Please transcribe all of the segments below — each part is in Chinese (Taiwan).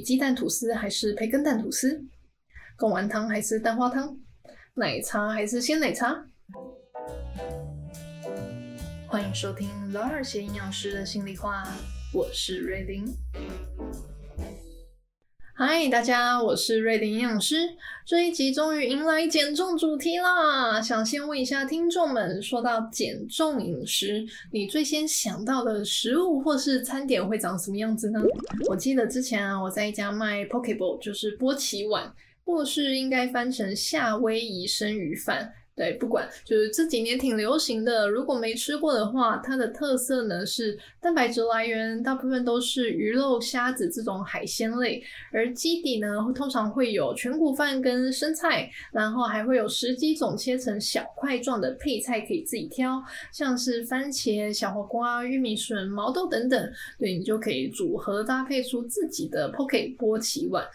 雞蛋吐司還是培根蛋吐司？貢丸湯還是蛋花湯？奶茶還是鮮奶茶？歡迎收聽 Lar 些話營養師的心裡話，我是瑞玲。嗨，大家，我是瑞玲營養師。這一集終於迎來減重主題啦！想先問一下聽眾們，說到減重飲食，你最先想到的食物或是餐點會長什麼樣子呢？我記得之前啊，我在一家賣 poke bowl，就是波奇碗，或是應該翻成夏威夷生魚飯。對，不管就是這幾年挺流行的。如果沒吃過的話，它的特色呢是蛋白質來源大部分都是魚肉、蝦子這種海鮮類，而基底呢會通常會有全穀飯跟生菜，然後還會有十幾種切成小塊狀的配菜可以自己挑，像是番茄、小黃瓜、玉米筍、毛豆等等，對，你就可以組合搭配出自己的 Poke 波奇碗。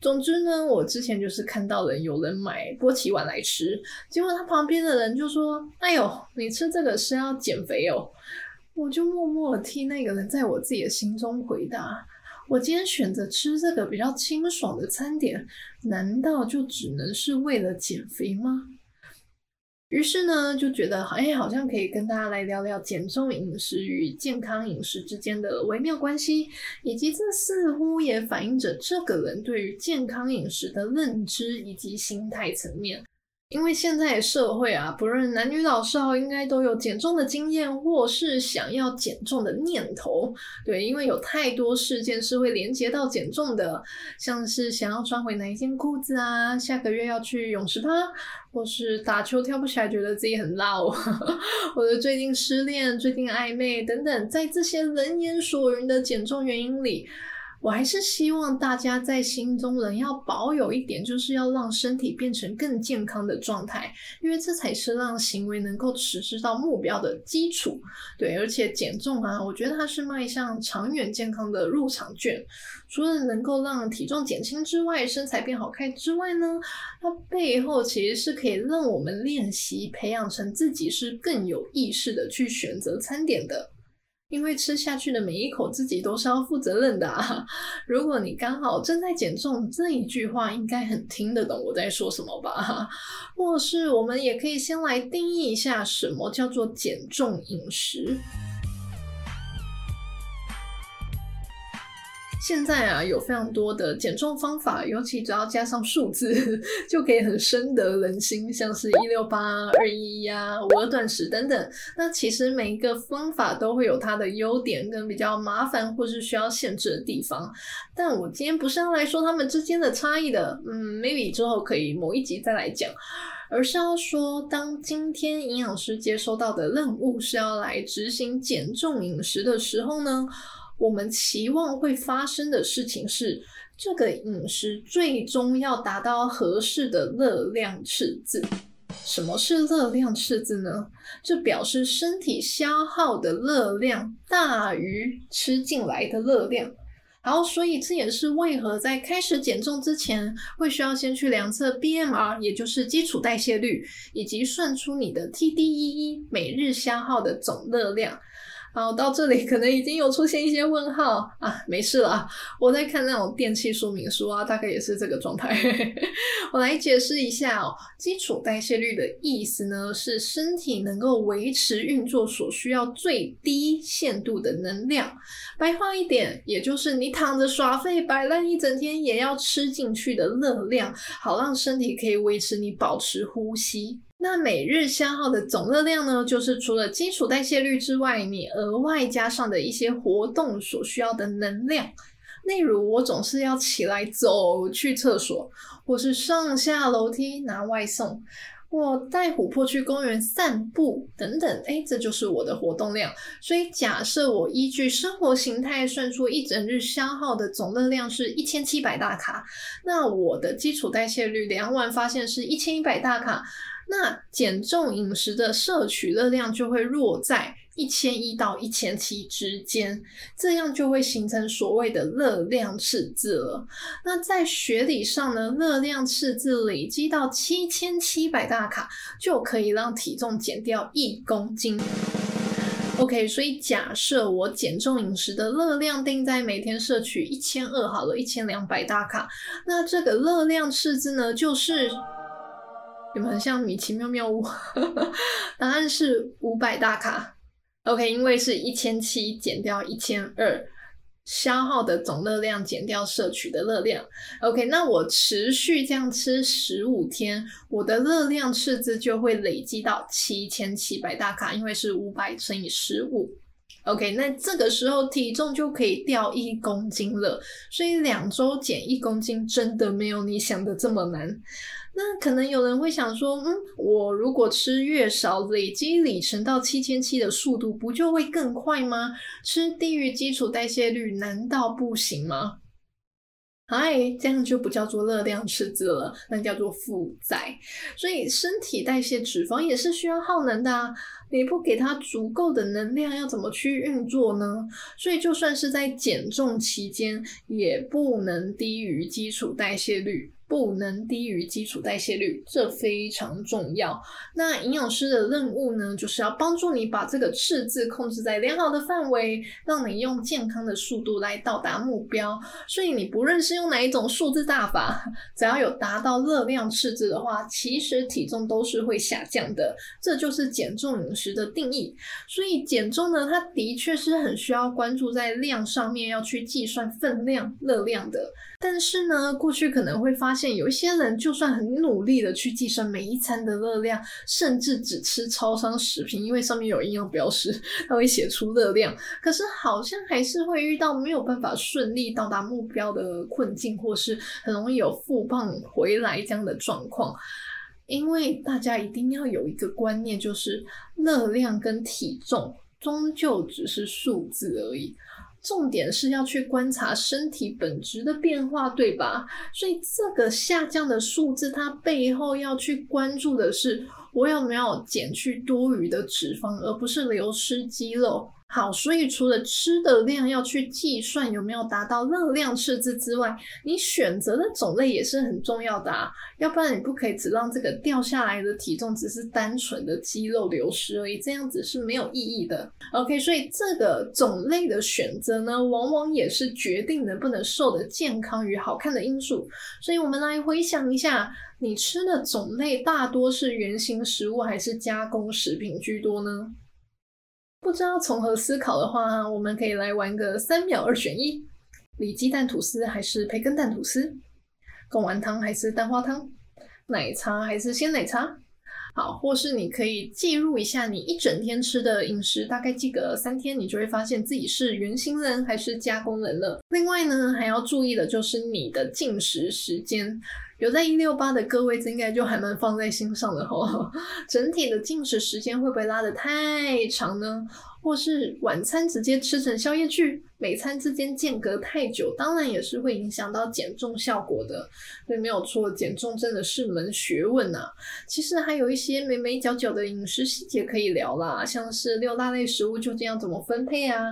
總之呢，我之前就是看到了有人買波奇碗來吃，結果他旁邊的人就說：“哎呦，你吃這個是要減肥哦。”我就默默的替那個人在我自己的心中回答：“我今天選擇吃這個比較清爽的餐點，難道就只能是為了減肥嗎？”於是呢，就覺得哎、欸，好像可以跟大家來聊聊減重飲食與健康飲食之間的微妙關係，以及這似乎也反映着這個人對於健康飲食的認知以及心態層面。因為現在的社會啊，不論男女老少，應該都有減重的經驗，或是想要減重的念頭。對，因為有太多事件是會連接到減重的，像是想要穿回哪一件褲子啊，下個月要去泳池趴，或是打球跳不起來覺得自己很老哦， 我的最近失戀，最近曖昧等等，在這些人言所云的減重原因裡。我還是希望大家在心中能要保有一點，就是要讓身體變成更健康的狀態，因為這才是讓行為能夠實施到目標的基礎。對，而且減重啊，我覺得它是邁向長遠健康的入場券。除了能夠讓體重減輕之外，身材變好看之外呢，它背後其實是可以讓我們練習、培養成自己是更有意識的去選擇餐點的。因為吃下去的每一口，自己都是要負責任的啊！如果你剛好正在減重，這一句話應該很聽得懂我在說什麼吧？或是我們也可以先來定義一下，什麼叫做減重飲食。現在啊，有非常多的減重方法，尤其只要加上數字，就可以很深得人心，像是“一六八”、“二一一”啊，“五二斷食”等等。那其實每一個方法都會有它的優點跟比較麻煩或是需要限制的地方。但我今天不是要來說他們之間的差異的，嗯，maybe 之後可以某一集再來講，而是要說，當今天營養師接收到的任務是要來執行減重飲食的時候呢？我們期望會發生的事情是，這個飲食最終要達到合適的熱量赤字。什麼是熱量赤字呢？這表示身體消耗的熱量大於吃進來的熱量。好，所以這也是為何在開始減重之前，會需要先去量測 BMR，也就是基礎代謝率，以及算出你的 TDEE 每日消耗的總熱量。好，到這裡可能已經有出現一些問號啊，沒事了，我在看那種電器說明書啊，大概也是這個狀態。我來解釋一下哦，基礎代謝率的意思呢，是身體能夠維持運作所需要最低限度的能量。白話一點，也就是你躺着耍廢擺爛一整天也要吃進去的熱量，好讓身體可以維持你保持呼吸。那每日消耗的總熱量呢？就是除了基礎代謝率之外，你額外加上的一些活動所需要的能量。例如，我總是要起來走去廁所，或是上下樓梯拿外送。我帶琥珀去公園散步等等，哎，這就是我的活動量。所以假設我依據生活形態算出一整日消耗的總熱量是一千七百大卡，那我的基礎代謝率量完發現是一千一百大卡，那減重飲食的攝取熱量就會落在，一千一到一千七之間，這樣就會形成所謂的熱量赤字了。那在學理上呢，熱量赤字累積到七千七百大卡，就可以讓體重減掉一公斤。OK，所以假設我減重飲食的熱量定在每天攝取一千二好了，一千兩百大卡。那這個熱量赤字呢，就是有沒有像米奇妙妙屋？ 答案是五百大卡。OK，因為是一千七減掉一千二，消耗的總熱量減掉攝取的熱量。OK，那我持續這樣吃十五天，我的熱量赤字就會累積到七千七百大卡，因為是五百乘以十五。OK，那這個時候體重就可以掉一公斤了，所以兩周減一公斤真的沒有你想的這麼難。那可能有人會想說，嗯，我如果吃越少，累積里程到七千七的速度不就會更快嗎？吃低於基礎代謝率難道不行嗎？嗨，這樣就不叫做熱量赤字了，那叫做負債。所以身體代謝脂肪也是需要耗能的啊，你不給它足夠的能量，要怎麼去運作呢？所以就算是在減重期間，也不能低於基礎代謝率。不能低於基礎代謝率，這非常重要。那營養師的任務呢，就是要幫助你把這個赤字控制在良好的範圍，讓你用健康的速度來到達目標。所以，你不論是用哪一種數字大法，只要有達到熱量赤字的話，其實體重都是會下降的。這就是減重飲食的定義。所以，減重呢，它的確是很需要關注在量上面，要去計算分量、熱量的。但是呢，過去可能會發現現有一些人，就算很努力的去計算每一餐的熱量，甚至只吃超商食品，因為上面有營養標示，他會寫出熱量，可是好像還是會遇到沒有辦法順利到達目標的困境，或是很容易有復胖回來這樣的狀況。因為大家一定要有一個觀念，就是熱量跟體重終究只是數字而已。重點是要去觀察身體本質的變化，對吧？所以這個下降的數字，它背後要去關注的是我有沒有減去多餘的脂肪，而不是流失肌肉。好，所以除了吃的量要去計算有沒有達到熱量赤字之外，你選擇的種類也是很重要的啊，要不然你不可以只讓這個掉下來的體重只是單純的肌肉流失而已，這樣子是沒有意義的。OK，所以這個種類的選擇呢，往往也是決定能不能瘦的健康與好看的因素。所以我們來回想一下，你吃的種類大多是原型食物還是加工食品居多呢？不知道從何思考的話，我們可以來玩個三秒二選一：里肌蛋吐司還是培根蛋吐司？貢丸湯還是蛋花湯？奶茶還是鮮奶茶？好，或是你可以記錄一下你一整天吃的飲食，大概記個三天，你就會發現自己是原型人還是加工人了。另外呢，還要注意的就是你的進食時間，有在一六八的各位，這應該就還蠻放在心上的吼。整體的進食時間會不會拉得太長呢？或是晚餐直接吃成宵夜，去每餐之間間隔太久，當然也是會影響到減重效果的。所以沒有錯，減重真的是門學問吶、啊。其實還有一些眉眉角角的飲食細節可以聊啦，像是六大類食物究竟要怎麼分配啊？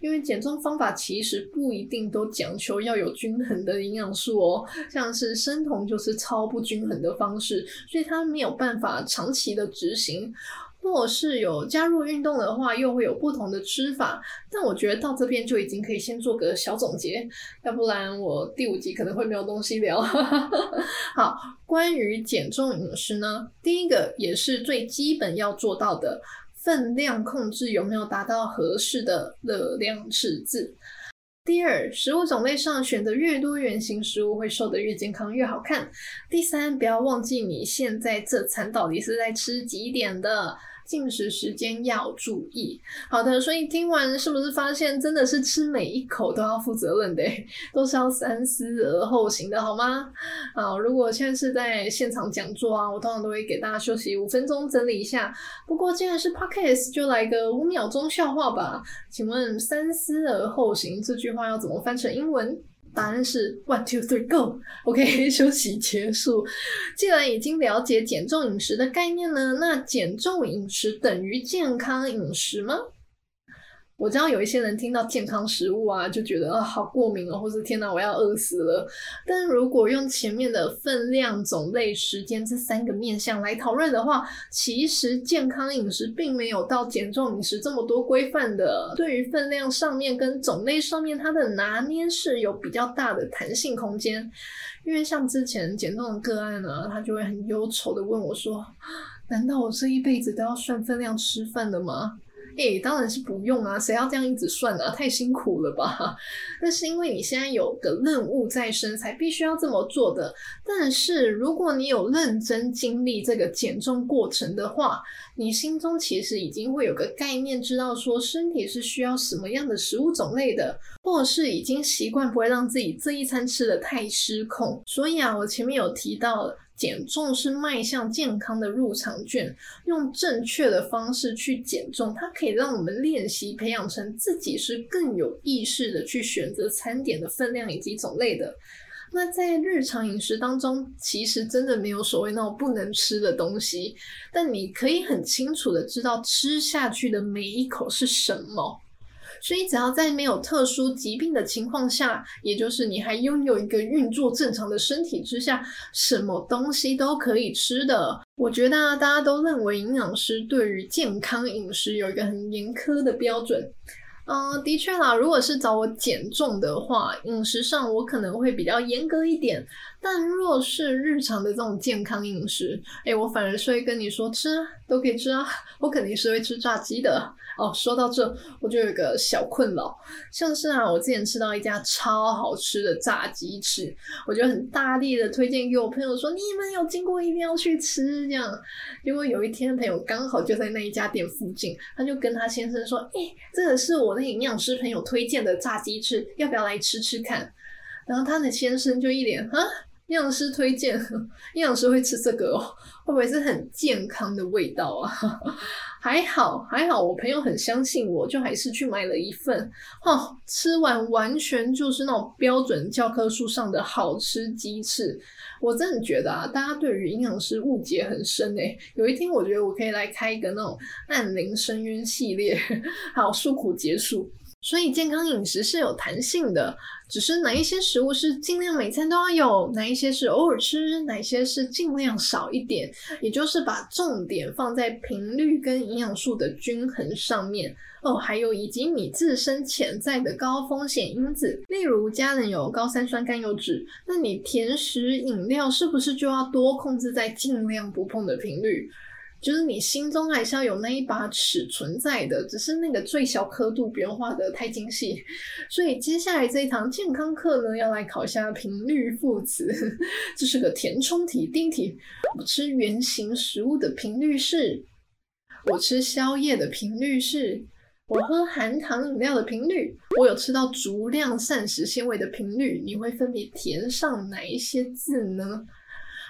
因為減重方法其實不一定都講求要有均衡的營養素哦，像是生酮就是超不均衡的方式，所以它沒有辦法長期的執行。如果是有加入運動的話，又會有不同的吃法。但我覺得到這邊就已經可以先做個小總結，要不然我第五集可能會沒有東西聊。 好，關於減重飲食呢，第一個也是最基本要做到的，分量控制有沒有達到合適的熱量赤字；第二，食物種類上選擇越多原型食物，會瘦的越健康越好看。第三，不要忘記你現在這餐到底是在吃幾點的。進食時間要注意，好的，所以聽完是不是發現真的是吃每一口都要負責任的誒，都是要三思而後行的，好嗎？好，如果現在是在現場講座啊，我通常都會給大家休息五分鐘整理一下。不過既然是 Podcast，就來個五秒鐘笑話吧。請問“三思而後行”這句話要怎麼翻成英文？答案是 one two three go，OK，休息結束。既然已經了解減重飲食的概念了，那減重飲食等於健康飲食嗎？我知道有一些人聽到健康食物啊，就覺得啊好過敏啊、哦，或是天吶、啊，我要餓死了。但如果用前面的分量、種類、時間這三個面向來討論的話，其實健康飲食並沒有到減重飲食這麼多規範的。對於分量上面跟種類上面，它的拿捏是有比較大的彈性空間。因為像之前減重的個案呢、啊，他就會很憂愁的問我說：說難道我這一輩子都要算分量吃飯的嗎？誒、欸、當然是不用啊！誰要這樣一直算啊？太辛苦了吧？那是因為你現在有個任務在身，才必須要這麼做的。但是如果你有認真經歷這個減重過程的話，你心中其實已經會有個概念，知道說身體是需要什麼樣的食物種類的，或是已經習慣不會讓自己這一餐吃得太失控。所以啊，我前面有提到了。減重是邁向健康的入場券，用正確的方式去減重，它可以讓我們練習、培養成自己是更有意識的去選擇餐點的分量以及種類的。那在日常飲食當中，其實真的沒有所謂那種不能吃的東西，但你可以很清楚的知道吃下去的每一口是什麼。所以，只要在沒有特殊疾病的情況下，也就是你還擁有一個運作正常的身體之下，什麼東西都可以吃的。我覺得啊，大家都認為營養師對於健康飲食有一個很嚴苛的標準。嗯，的確啦，如果是找我減重的話，飲食上我可能會比較嚴格一點。但若是日常的這種健康飲食，欸，我反而是會跟你說吃啊，都可以吃啊，我肯定是會吃炸雞的。哦，說到這，我就有個小困擾，像是啊，我之前吃到一家超好吃的炸雞翅，我就很大力的推薦給我朋友說，你們有經過一定要去吃。這樣，結果有一天朋友剛好就在那一家店附近，他就跟他先生說，欸，這個是我的營養師朋友推薦的炸雞翅，要不要來吃吃看？然後他的先生就一臉啊營養師推薦，營養師會吃這個哦，會不會是很健康的味道啊？還好，還好，我朋友很相信我，就還是去買了一份。哦，吃完完全就是那種標準教科書上的好吃雞翅。我真的覺得啊，大家對於營養師誤解很深誒、欸、有一天，我覺得我可以來開一個那種暗林深淵系列，好，有訴苦結束。所以健康飲食是有彈性的，只是哪一些食物是盡量每餐都要有，哪一些是偶爾吃，哪一些是盡量少一點，也就是把重點放在頻率跟營養素的均衡上面哦。還有以及你自身潛在的高風險因子，例如家人有高三酸甘油酯，那你甜食飲料是不是就要多控制在盡量不碰的頻率？就是你心中還是要有那一把尺存在的，只是那個最小刻度不用畫得太精細。所以接下來這一堂健康課呢，要來考一下頻率副詞，這是個填充題，第一題。我吃原型食物的頻率是，我吃宵夜的頻率是，我喝含糖飲料的頻率，我有吃到足量膳食纖維的頻率，你會分別填上哪一些字呢？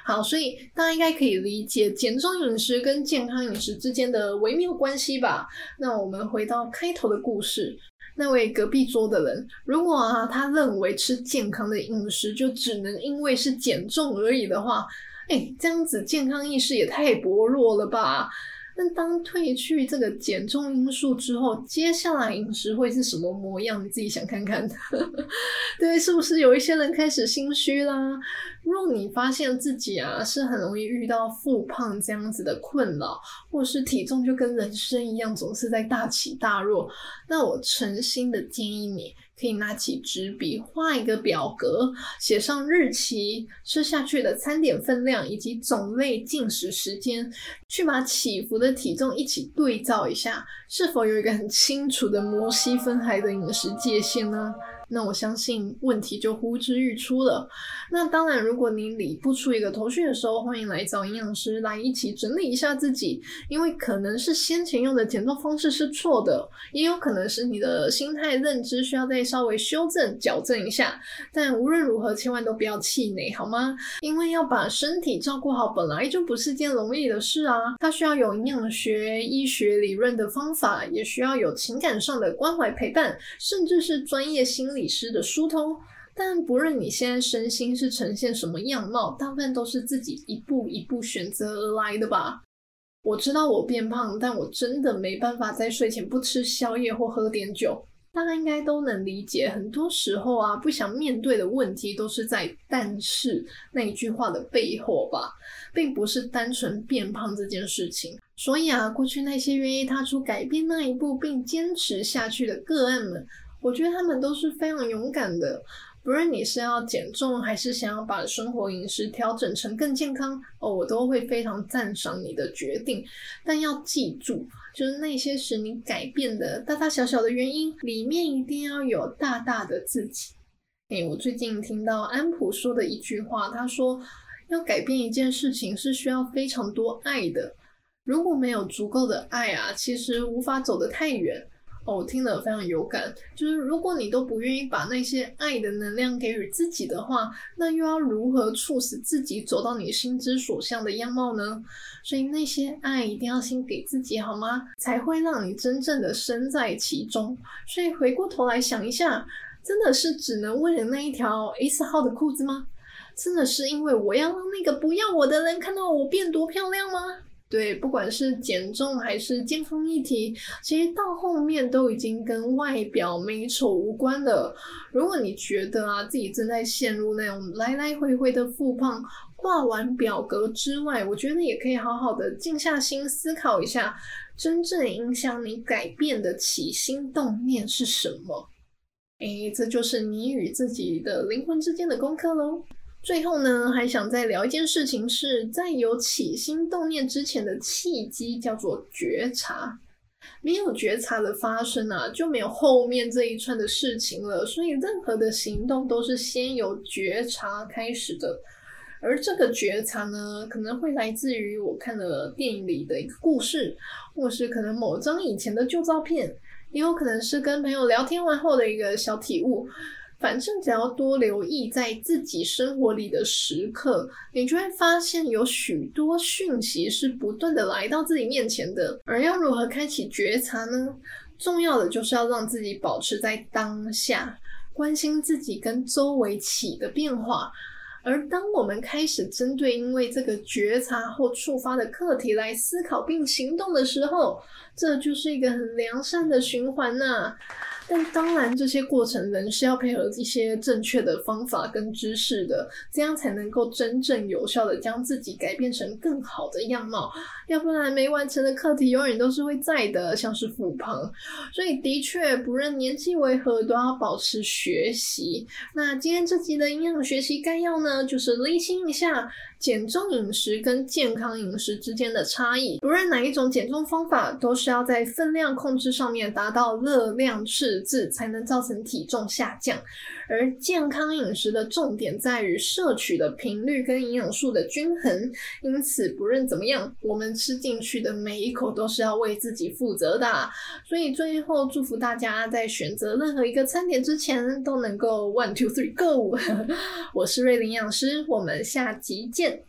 好，所以大家應該可以理解減重飲食跟健康飲食之間的微妙關係吧？那我們回到開頭的故事，那位隔壁桌的人，如果啊，他認為吃健康的飲食就只能因為是減重而已的話，誒、欸、這樣子健康意識也太薄弱了吧？但當褪去這個減重因素之後，接下來飲食會是什麼模樣？你自己想看看的。 對，是不是有一些人開始心虛啦？若你發現自己啊是很容易遇到復胖這樣子的困擾，或是體重就跟人生一樣總是在大起大落，那我誠心的建議你。可以拿起紙筆畫一個表格，寫上日期、吃下去的餐點分量以及種類、進食時間，去把起伏的體重一起對照一下，是否有一個很清楚的摩西分海的飲食界限呢？那我相信問題就呼之欲出了。那當然，如果你理不出一個頭緒的時候，歡迎來找營養師來一起整理一下自己，因為可能是先前用的減重方式是錯的，也有可能是你的心態認知需要再稍微修正，矯正一下。但無論如何，千萬都不要氣餒，好嗎？因為要把身體照顧好，本來就不是件容易的事啊。它需要有營養學、醫學理論的方法，也需要有情感上的關懷陪伴，甚至是專業心理。理師的疏通，但不論你現在身心是呈現什麼樣貌，大部分都是自己一步一步選擇而來的吧。我知道我變胖，但我真的沒辦法在睡前不吃宵夜或喝點酒。大家應該都能理解，很多時候啊，不想面對的問題都是在“但是”那一句話的背後吧，並不是單純變胖這件事情。所以啊，過去那些願意踏出改變那一步並堅持下去的個案們。我覺得他們都是非常勇敢的，不論你是要減重，還是想要把生活飲食調整成更健康，哦，我都會非常讚賞你的決定。但要記住，就是那些使你改變的大大小小的原因裡面，一定要有大大的自己。哎、欸，我最近聽到安普說的一句話，他說要改變一件事情是需要非常多愛的，如果沒有足夠的愛啊，其實無法走得太遠。哦，我聽了非常有感。就是如果你都不願意把那些愛的能量給予自己的話，那又要如何促使自己走到你心之所向的樣貌呢？所以那些愛一定要先給自己，好嗎？才會讓你真正的身在其中。所以回過頭來想一下，真的是只能為了那一條 S 號的褲子嗎？真的是因為我要讓那個不要我的人看到我變多漂亮嗎？對，不管是減重還是健康議題，其實到後面都已經跟外表美醜無關了。如果你覺得啊，自己正在陷入那種來來回回的復胖，掛完表格之外，我覺得也可以好好的靜下心思考一下，真正影響你改變的起心動念是什麼？哎，這就是你與自己的靈魂之間的功課嘍。最後呢，還想再聊一件事情，是在有起心動念之前的契機叫做覺察，沒有覺察的發生啊，就沒有後面這一串的事情了。所以任何的行動都是先由覺察開始的，而這個覺察呢，可能會來自於我看了電影裡的一個故事，或是可能某張以前的舊照片，也有可能是跟朋友聊天完後的一個小體悟。反正只要多留意在自己生活裡的時刻，你就會發現有許多訊息是不斷的來到自己面前的。而要如何開啟覺察呢？重要的就是要讓自己保持在當下，關心自己跟周圍起的變化。而當我們開始針對因為這個覺察或觸發的課題來思考並行動的時候，這就是一個很良善的循環吶、啊，但當然這些過程仍是要配合一些正確的方法跟知識的，這樣才能夠真正有效的將自己改變成更好的樣貌，要不然沒完成的課題永遠都是會在的，像是復胖。所以的確，不論年紀為何，都要保持學習。那今天這集的營養學習概要呢，就是釐清一下減重飲食跟健康飲食之間的差異，無論哪一種減重方法都是。是要在分量控制上面達到熱量赤字，才能造成體重下降。而健康飲食的重點在於攝取的頻率跟營養素的均衡。因此，不論怎麼樣，我們吃進去的每一口都是要為自己負責的。所以，最後祝福大家在選擇任何一個餐點之前，都能夠 one two three go。 我是瑞林營養師，我們下集見。